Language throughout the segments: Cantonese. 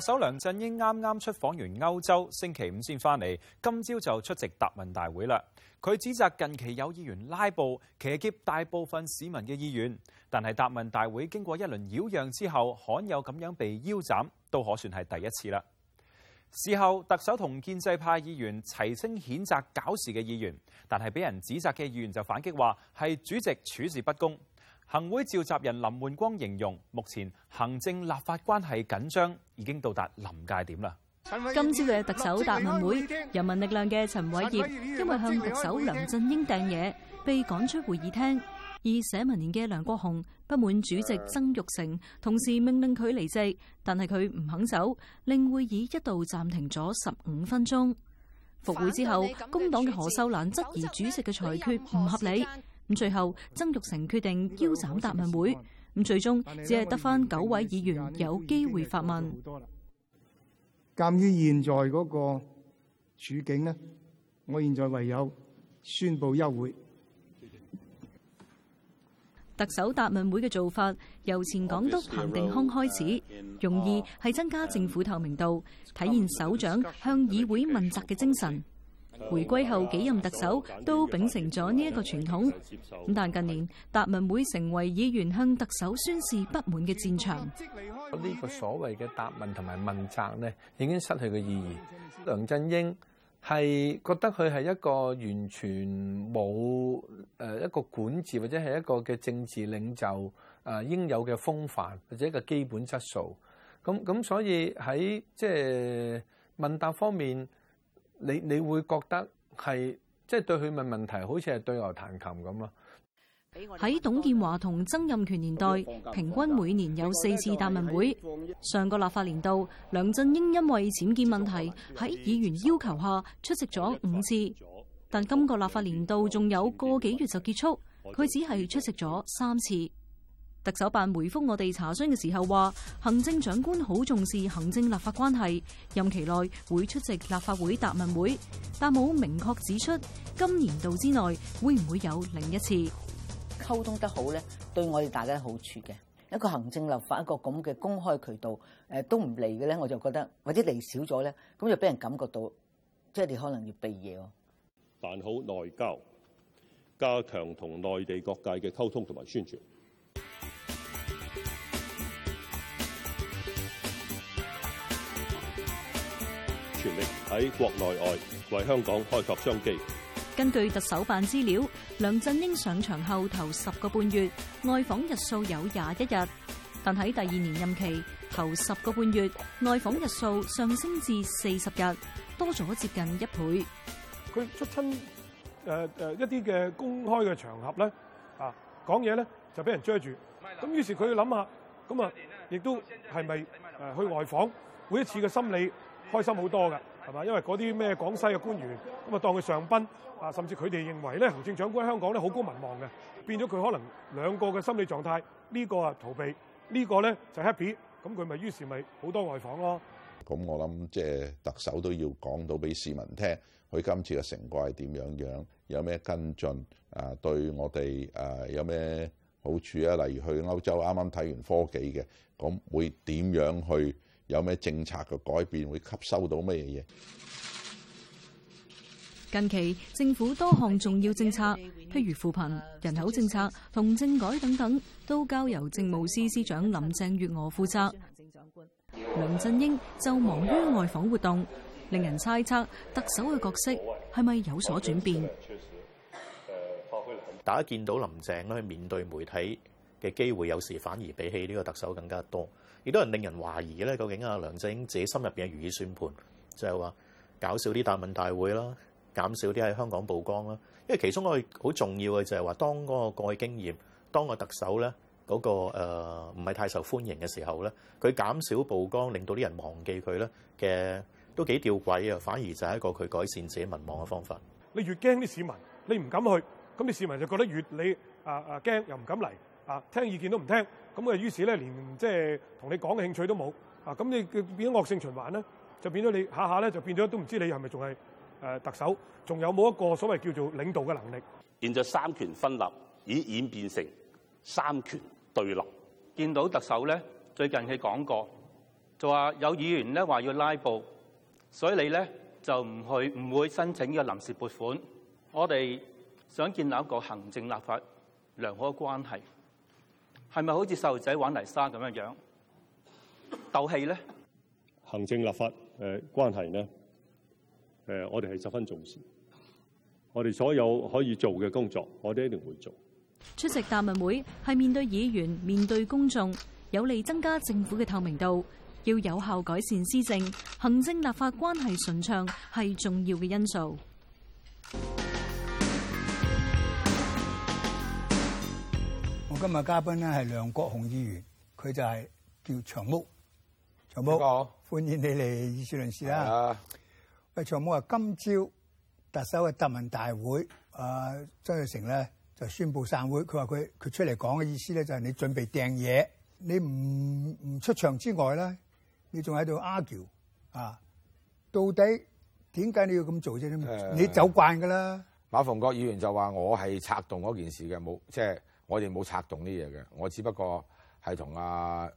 特首梁振英啱啱出訪完歐洲，星期五先翻嚟，今朝就出席答問大會啦。佢指責近期有議員拉布，騎劫大部分市民嘅意願。但係答問大會經過一輪擾攘之後，罕有咁樣被腰斬，都可算係第一次啦。事後，特首同建制派議員齊聲譴責搞事嘅議員，但係俾人指責嘅議員就反擊話係主席處事不公。行會召集人林煥光形容，目前行政立法關係緊張，已經到達臨界點啦。今朝嘅特首答問會，人民力量嘅陳偉業因為向特首梁振英掟嘢，被趕出會議廳；而社民連嘅梁國雄不滿主席曾玉成，同時命令佢離席，但係佢唔肯走，令會議一度暫停咗十五分鐘。復會之後，工黨嘅何秀蘭質疑主席嘅裁決唔合理。最後，曾玉成決定腰斬答問會，咁最終只係得返九位議員有機會發問。鑑於現在嗰個處境呢，我現在唯有宣布休會。特首答問會嘅做法，由前港督彭定康開始，用意係增加政府透明度，體現首長向議會問責嘅精神。回歸後幾任特首都秉承咗呢一個傳統，咁但近年答問會成為議員向特首宣示不滿嘅戰場。呢個所謂嘅答問同埋問責咧，已經失去咗意義。梁振英係覺得佢係一個完全冇誒一個管治或者係一個嘅政治領袖誒應有嘅風範或者一個基本質素。咁咁所以喺即係問答方面。你你會覺得係即係對佢問問題好似係對牛彈琴咁咯，喺董建華同曾蔭權年代，平均每年有四次答問會。上個立法年度，梁振英因為僭建問題，喺議員要求下出席咗五次，但今個立法年度仲有個幾月就結束，佢只係出席咗三次。特首辦回覆我哋查詢嘅時候話，行政長官好重視行政立法關係，任期內會出席立法會答問會，但冇明確指出今年度之內會唔會有另一次溝通得好咧，對我哋大家好處嘅一個行政立法一個咁嘅公開渠道誒，都唔嚟嘅咧，我就覺得或者嚟少咗咧，咁就俾人感覺到即係你可能要避嘢哦。辦好內交，加強同內地各界嘅溝通同埋宣傳。喺國內外為香港開拓商機。根據特首辦資料，梁振英上場後頭十個半月外訪日數有廿一日，但喺第二年任期頭十個半月外訪日數上升至四十日，多咗接近一倍。佢出親，誒誒一啲嘅公開嘅場合咧啊講嘢咧就俾人遮住，咁林於是佢要諗下咁啊，亦林都係咪誒去外訪林每一次嘅心理開心好多㗎。係嘛？因為嗰啲咩廣西嘅官員咁啊，當佢上賓啊，甚至佢哋認為咧，行政長官香港咧好高民望嘅，變咗佢可能兩個嘅心理狀態，呢個啊逃避，呢個咧就 happy，咁佢咪於是咪好多外訪咯。咁我諗即係特首都要講到俾市民聽，佢今次嘅成果係點樣樣，有咩跟進啊？對我哋啊有咩好處啊？例如去歐洲啱啱睇完科技嘅，咁會點樣去？有咩政策嘅改變會吸收到乜嘢？近期政府多項重要政策，譬如扶貧、人口政策同政改等等，都交由政務司司長林鄭月娥負責。行政長官梁振英就忙於外訪活動，令人猜測特首嘅角色係咪有所轉變？大家見到林鄭去面對媒體嘅機會，有時反而比起呢個特首更加多。亦都係令人懷疑咧，究竟阿梁振英自己心入邊嘅如意算盤就係話搞少啲答問大會啦，減少啲喺香港曝光啦。因為其中一個好重要嘅就係話，當嗰個過去經驗，當嗰個特首咧、那、嗰個唔係、呃、太受歡迎嘅時候咧，佢減少曝光，令到啲人忘記佢咧嘅都幾吊詭啊！反而就係一個佢改善自己民望嘅方法。你越驚啲市民，你唔敢去，咁啲市民就覺得越你啊啊驚，又唔敢嚟啊，聽意見都唔聽。咁啊，於是咧，連即係同你講嘅興趣都冇啊！咁你變咗惡性循環咧，就變咗你下下咧，就變咗都唔知你係咪仲係誒特首，仲有冇一個所謂叫做領導嘅能力？現在三權分立已演變成三權對立。見到特首咧，最近佢講過，就話有議員咧話要拉布，所以你咧就唔去唔會申請呢個臨時撥款。我哋想建立一個行政立法良好嘅關係。係咪好似細路仔玩泥沙咁嘅樣鬥氣咧？行政立法誒關係呢，誒我哋係十分重視。我哋所有可以做嘅工作，我哋一定會做。出席答問會係面對議員、面對公眾，有利增加政府嘅透明度，要有效改善施政，行政立法關係順暢係重要嘅因素。今日嘉賓咧係梁國雄議員，佢就係叫長毛。長毛，國歡迎你嚟議事論事啦。喂的，長毛啊，今朝特首嘅答問大會，啊，曾鈺成咧就宣布散會。佢話佢佢出嚟講嘅意思咧，就係你準備掟嘢，你唔唔出場之外咧，你仲喺度 argue 啊？到底點解你要咁做啫？的你你走慣噶啦。馬逢國議員就話：我係策動嗰件事嘅，冇即係。就是我哋冇策動呢嘢嘅，我只不過係同阿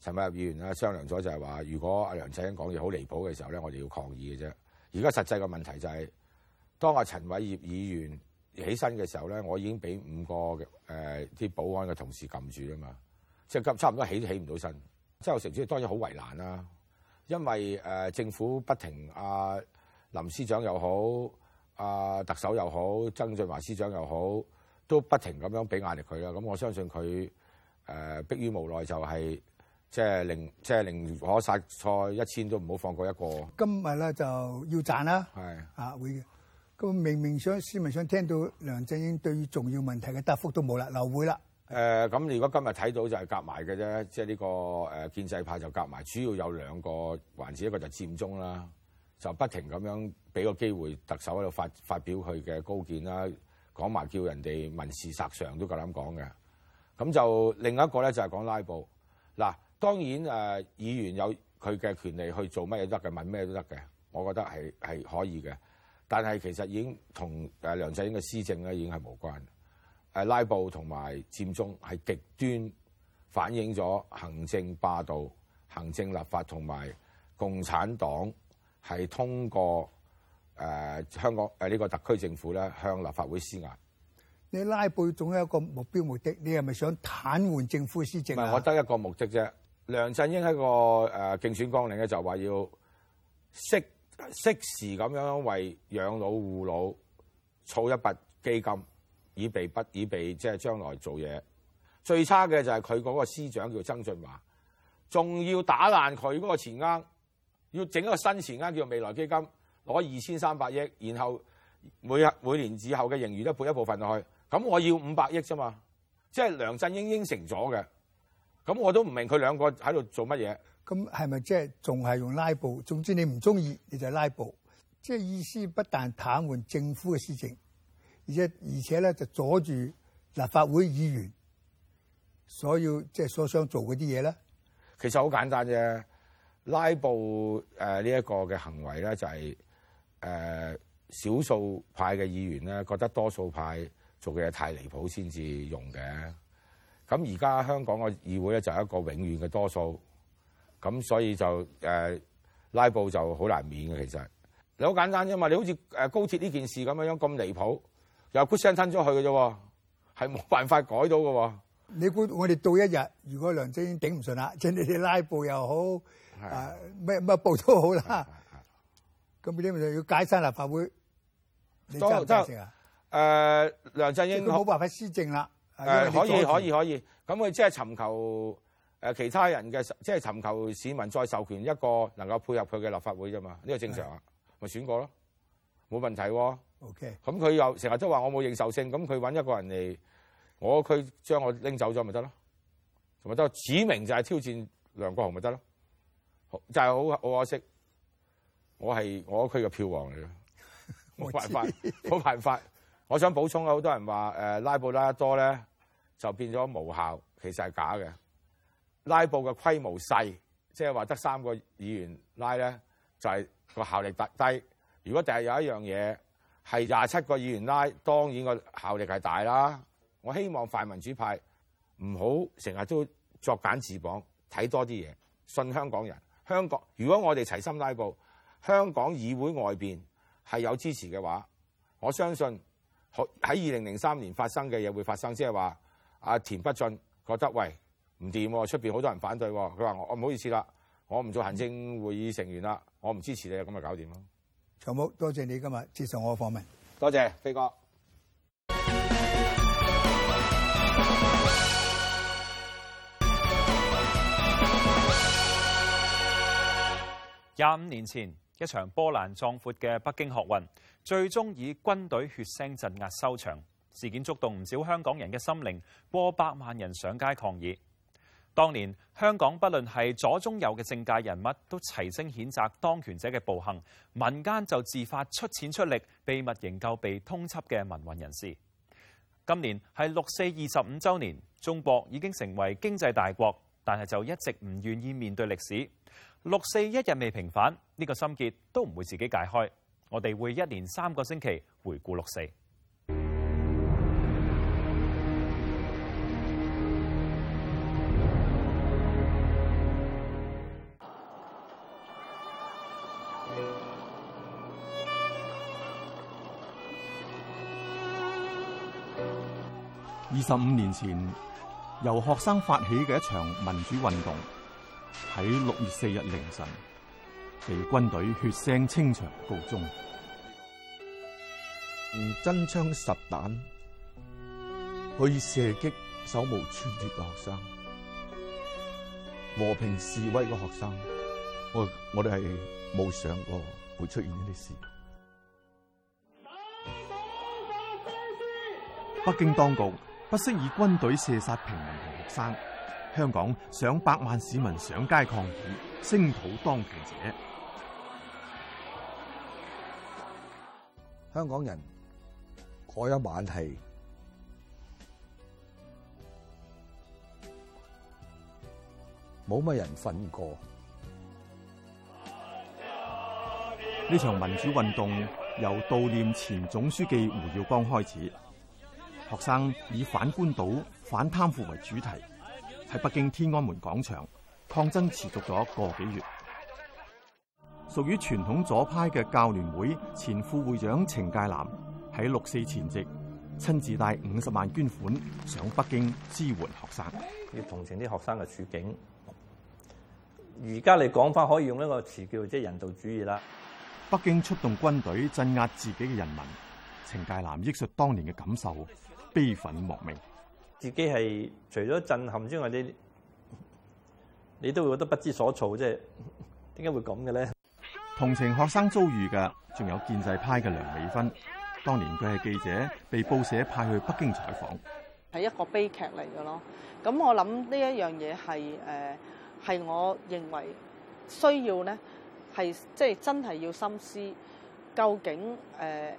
陳偉業議員啦、啊、商量咗，就係話如果阿、啊、梁振英講嘢好離譜嘅時候咧，我哋要抗議嘅啫。而家實際嘅問題就係、是，當阿陳偉業議員起身嘅時候咧，我已經俾五個誒啲、呃、保安嘅同事撳住啊嘛，即係差唔多起都起唔到身。即鈺成主席當然好為難啦、啊，因為誒、呃、政府不停，阿、呃、林司長又好，阿、呃、特首又好，曾俊華司長又好。都不停咁樣俾壓力佢啦，咁我相信佢誒逼於無奈就係即係寧即係寧可殺錯一千都唔好放過一個。今日咧就要賺啦，係是啊，會咁明明想市民想聽到梁振英對於重要問題嘅答覆都冇啦，留會啦。誒咁、呃，如果今日睇到就係夾埋嘅啫，即係呢個誒、呃、建制派就夾埋，主要有兩個環節，一個就佔中啦，就不停咁樣俾個機會特首喺度發發表佢嘅高見啦。講埋叫人哋民事索償都夠膽講嘅，咁就另一個咧就係、是、講拉布。嗱，當然誒、啊，議員有佢嘅權利去做乜嘢得嘅，問咩都得嘅，我覺得係可以嘅。但係其實已經同、啊、梁振英嘅施政咧已經係無關。誒、啊、拉布同埋佔中係極端反映咗行政霸道、行政立法同埋共產黨係通過。誒、呃、香港誒呢、呃這個特區政府咧，向立法會施壓。你拉布總有一個目標目的，你係咪想癱瘓政府施政、唔係？我得一個目的啫。梁振英喺個誒競、呃、選綱領咧，就話要適適時咁樣為養老護老儲一筆基金，以備不以備即係將來做嘢。最差嘅就係佢嗰個司長叫曾俊華，仲要打爛佢嗰個錢罌，要整一個新錢罌叫做未來基金。攞二千三百億，然後每日每年之後嘅盈餘都撥一部分落去，咁我要五百億啫嘛，即係梁振英應承咗嘅，咁我都唔明佢兩個喺度做乜嘢。咁係咪即係仲係用拉布？總之你唔中意你就拉布，即係意思不但癱瘓政府嘅施政，而且而且咧就阻住立法會議員所要即係所想做嗰啲嘢咧。其實好簡單啫，拉布誒呢一個嘅行為咧就係、是。誒少數派嘅議員咧，覺得多數派做嘅嘢太離譜，先至用嘅。咁而家香港嘅議會咧就係一個永遠嘅多數，咁所以就誒、呃、拉布就好難免嘅。其實你好簡單啫嘛，你好似誒高鐵呢件事咁樣樣咁離譜，又 push 聲吞咗去嘅啫，係冇辦法改到嘅。你估我哋到一日，如果梁振英頂唔順啦，即係你哋拉布又好，的啊咩咩布都好啦。咁啲咪要解散立法會？多得誒，梁振英好冇辦法施政啦。誒、呃，可以可以可以。咁佢即係尋求誒其他人嘅，即係尋求市民再授權一個能夠配合佢嘅立法會啫嘛。呢、呢個正常啊，咪的選過咯，冇問題喎。OK。咁佢又成日都話我冇認受性，咁佢搵一個人嚟，我佢將我拎走咗咪得咯？同埋都指明就係挑戰梁國雄咪得咯？好，就係好好可惜。我係我區嘅票王嚟咯，冇辦法，冇辦法。我想補充，好多人話誒拉布拉得多咧，就變咗無效，其實係假嘅。拉布嘅規模細，即係話得三個議員拉咧，就係、是、個效力特低。如果第日有一樣嘢係廿七個議員拉，當然個效力係大啦。我希望泛民主派唔好成日都作繭自綁，睇多啲嘢，信香港人。香港如果我哋齊心拉布，香港議會外邊係有支持嘅話，我相信喺二零零三年發生嘅嘢會發生，即係話阿田北俊覺得喂，唔掂，出邊好多人反對，佢話我唔好意思啦，我唔做行政會議成員啦，我唔支持你咁咪搞掂咯。長毛，多謝你今日接受我嘅訪問，多謝飛哥。廿五年前。一場波瀾壯闊嘅北京學運，最終以軍隊血腥鎮壓收場。事件觸動唔少香港人嘅心靈，過百萬人上街抗議。當年香港不論係左中右嘅政界人物，都齊聲譴責當權者嘅暴行，民間就自發出錢出力，秘密營救被通緝嘅民運人士。今年係六四二十五周年，中國已經成為經濟大國，但係就一直唔願意面對歷史。六四一日未平反，呢個心結都唔會自己解開，我哋會一連三個星期回顧六四。二十五年前，由學生發起嘅一場民主運動。喺六月四日凌晨，被軍隊血腥清場告終。用真槍實彈去射擊手無寸鐵嘅學生、和平示威嘅學生，我我哋係冇想過會出現呢啲事。北京當局不惜以軍隊射殺平民同學生。香港上百萬市民上街抗議，聲討當權者。香港人嗰一晚係冇乜人瞓過。呢場民主運動由悼念前總書記胡耀邦開始，學生以反官倒、反貪腐為主題。喺北京天安門廣場抗爭持續咗個幾月，屬於傳統左派嘅教聯會前副會長程介南喺六四前夕親自帶五十萬捐款上北京支援學生，要同情啲學生嘅處境。而家你講翻，可以用一個詞叫即係人道主義啦。北京出動軍隊鎮壓自己嘅人民，程介南憶述當年嘅感受，悲憤莫名。自己係除咗震撼之外，你你都會覺得不知所措，即係點解會咁嘅咧？同情學生遭遇嘅，仲有建制派嘅梁美芬。當年佢係記者，被報社派去北京採訪，係一個悲劇嚟嘅咯。咁我諗呢一樣嘢係誒，係我認為需要咧，係即係真係要深思，究竟誒、呃、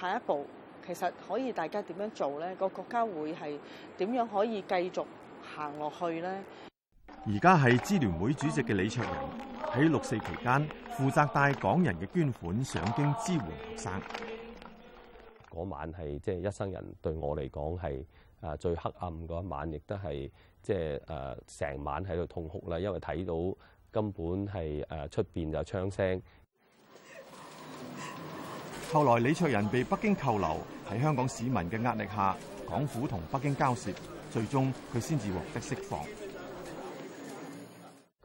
下一步，其實可以大家點樣做咧？個國家會係點樣可以繼續行落去咧？而家係支聯會主席嘅李卓人喺六四期間負責帶港人嘅捐款上京支援學生。嗰晚係即係一生人對我嚟講係啊最黑暗嗰晚，亦都係即係誒成晚喺度痛哭啦，因為睇到根本係誒出邊就槍聲。後來李卓人被北京扣留。喺香港市民嘅壓力下，港府同北京交涉，最終佢先至獲得釋放。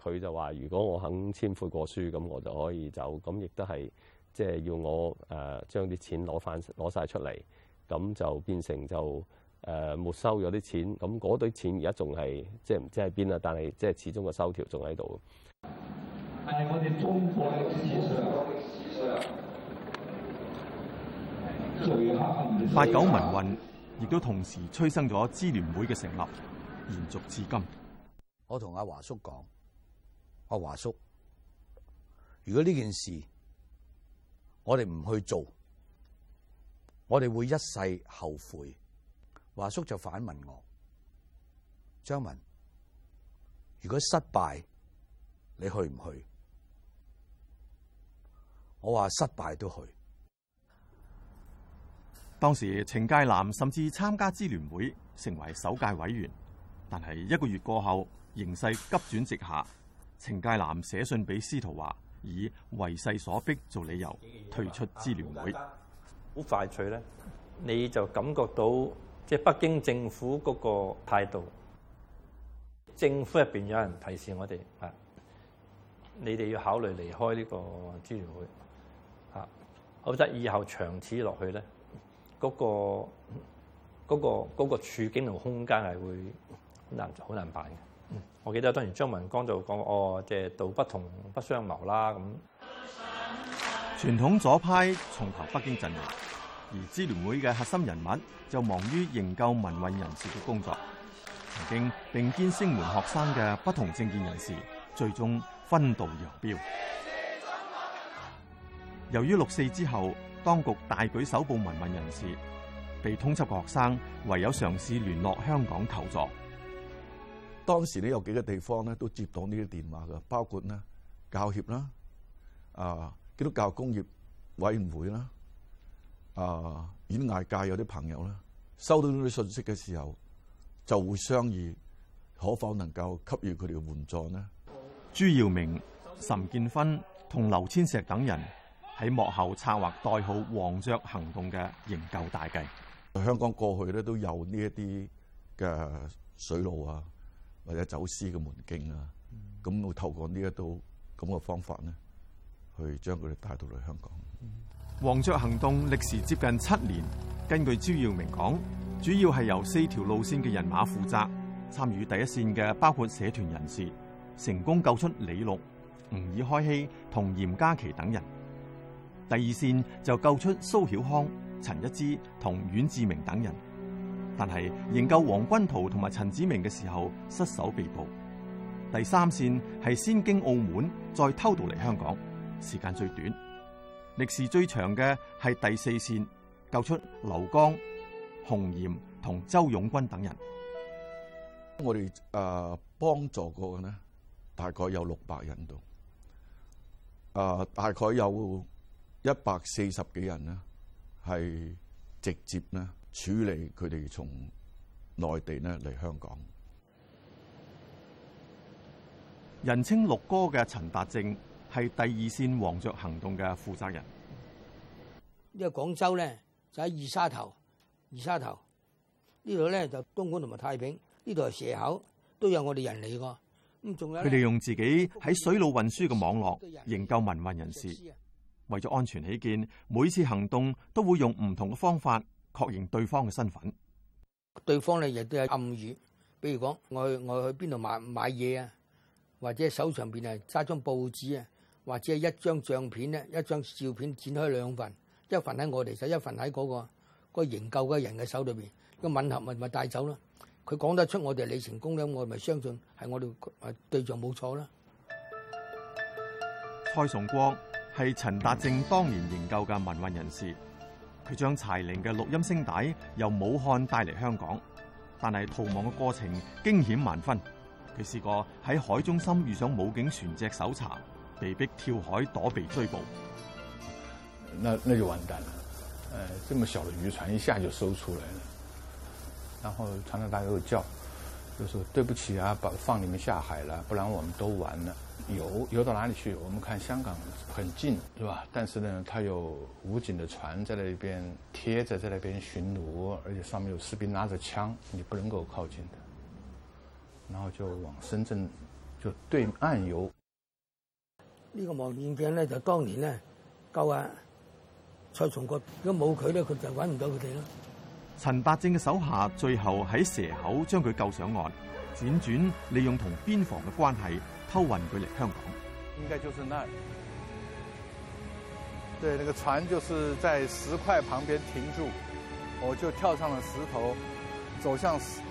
佢就話：如果我肯簽悔過書，咁我就可以走。咁亦都係即係要我誒將啲錢攞翻攞晒出嚟，咁就變成就誒、呃、沒收咗啲錢。咁嗰堆錢而家仲係即係唔知喺邊啦，但係即係始終個收條仲喺度。但係、呃、我哋中國嘅事實。八九民運亦都同時催生咗支聯會嘅成立，延續至今我。我同阿華叔講：阿華叔，如果呢件事我哋唔去做，我哋會一世後悔。華叔就反問我：張文，如果失敗，你去唔去？我話失敗都去。當時程介南甚至參加支聯會，成為首屆委員。但係一個月過後，形勢急轉直下，程介南寫信俾司徒華，以為勢所迫做理由退出支聯會。好快脆咧，你就感覺到即係北京政府嗰個態度。政府入邊有人提示我哋啊，你哋要考慮離開呢個支聯會啊，否則以後長此落去咧。嗰、那個、那個、那個處境同空間係會好難好難辦嘅。嗯、我記得當然張文光就講：哦，即、就、係、是、道不同不相謀啦咁。傳統左派重投北京陣營，而支聯會嘅核心人物就忙於營救民運人士嘅工作。曾經並肩聲援學生嘅不同政見人士，最終分道揚鑣。由於六四之後，當局大舉搜捕民運人士，被通緝嘅學生唯有嘗試聯絡香港求助。當時呢，有幾個地方咧都接到呢啲電話嘅，包括呢教協啦、啊基督教工業委員會啦、啊演藝界有啲朋友啦，收到呢啲信息嘅時候，就會商議可否能夠給予佢哋嘅援助呢。朱耀明、岑建勳同劉千石等人，喺幕後策劃代號“黃雀行動”嘅營救大計。香港過去咧都有呢一啲嘅水路啊，或者走私嘅門徑啊，咁我透過呢一度咁嘅方法咧，去將佢哋帶到嚟香港。黃雀行動歷時接近七年，根據朱耀明講，主要係由四條路線嘅人馬負責參與第一線嘅，包括社團人士成功救出李錄、吾爾開希同嚴家祺等人。第二線就救出蘇曉康、陳一諮同遠志明等人，但係營救王軍濤同埋陳子明嘅時候失手被捕。第三線係先經澳門再偷渡嚟香港，時間最短，歷時最長嘅係第四線救出劉剛、熊焱同周勇軍等人。我哋誒幫助過嘅呢，大概有六百人度，誒大概有。一百四十幾人呢，係直接咧處理佢哋從內地咧嚟香港。人稱六哥嘅陳達正係第二線黃雀行動嘅負責人。呢個廣州咧就喺二沙頭，二沙頭呢度咧就東莞同埋太平呢度，係蛇口都有我哋人嚟㗎。咁仲有佢哋用自己喺水路運輸嘅網絡營救民運人士。為咗安全起見，每次行動都會用唔同嘅方法確認對方嘅身份。對方咧亦都有暗語，比如講我去我去邊度買買嘢啊，或者手上邊係揸張報紙啊，或者係一張相片咧，一張照片剪開兩份，一份喺我哋就一份喺嗰、嗰個、嗰個營救嘅人嘅手裏邊，個吻合咪咪帶走咯。佢講得出我哋你成功咧，我咪相信係我哋誒對象冇錯啦。蔡崇光。係陳達正當年研究嘅民運人士，佢將柴玲嘅錄音聲帶由武漢帶嚟香港，但係逃亡嘅過程驚險萬分，佢試過喺海中心遇上武警船隻搜查，被逼跳海躲避追捕。那那就完蛋了，誒，這麼小的漁船一下就搜出來了，然後船老大又叫，就說對不起啊，把放你們下海啦，不然我們都完了。游游到哪裏去？我們看香港很近，對吧？但是呢，它有武警的船在那邊貼着，在那邊巡邏，而且上面有士兵拿着槍，你不能夠靠近的。然後就往深圳就對岸游。呢個望遠鏡呢，就當年呢，救啊蔡松國，如果冇佢咧，佢就揾唔到佢哋咯。陳百正嘅手下最後喺蛇口將佢救上岸，輾轉利用同邊防嘅關係。偷運佢嚟香港，應該就是那裡，對那個船就是在石塊旁邊停住，我就跳上了石頭，走向石，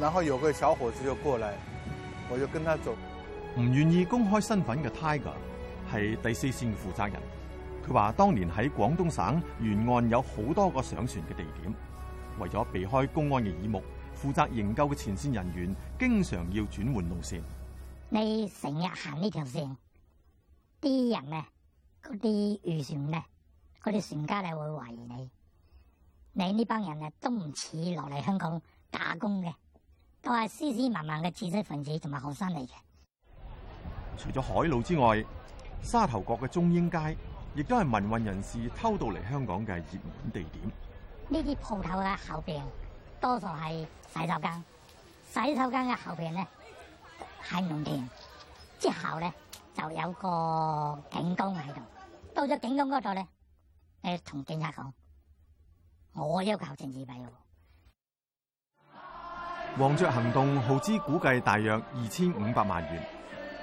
然後有個小伙子就過來，我就跟他走。唔願意公開身份嘅 Tiger 係第四線嘅負責人，佢話當年喺廣東省沿岸有好多個上船嘅地點，為咗避開公安嘅耳目，負責營救嘅前線人員經常要轉換路線。你成日行呢條線，啲人咧，嗰啲漁船咧，嗰啲船家咧，會懷疑你。你呢班人咧都唔似落嚟香港打工嘅，都係斯斯文文嘅知識分子同埋學生嚟嘅。除咗海路之外，沙頭角嘅中英街亦都係民運人士偷渡嚟香港嘅熱門地點。呢啲鋪頭嘅後邊，多數係洗手間。洗手間嘅後邊咧。喺農田之後咧，就有個警崗喺度。到咗警崗嗰度咧，誒同警察講，我要求政治庇佑。黃雀行動耗資估計大約二千五百萬元，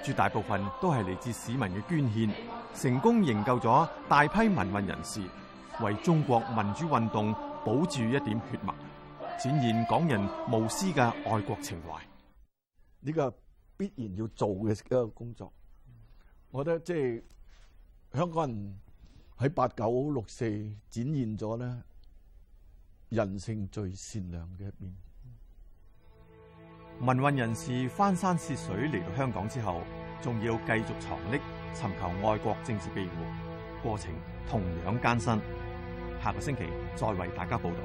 絕大部分都係嚟自市民嘅捐獻，成功營救咗大批民運人士，為中國民主運動保住一點血脈，展現港人無私嘅愛國情懷。呢、這個。必然要做嘅一個工作，我覺得即係香港人喺八九六四展現咗咧人性最善良嘅一面。嗯、民運人士翻山涉水嚟到香港之後，仲要繼續藏匿，尋求外國政治庇護，過程同樣艱辛。下個星期再為大家報道。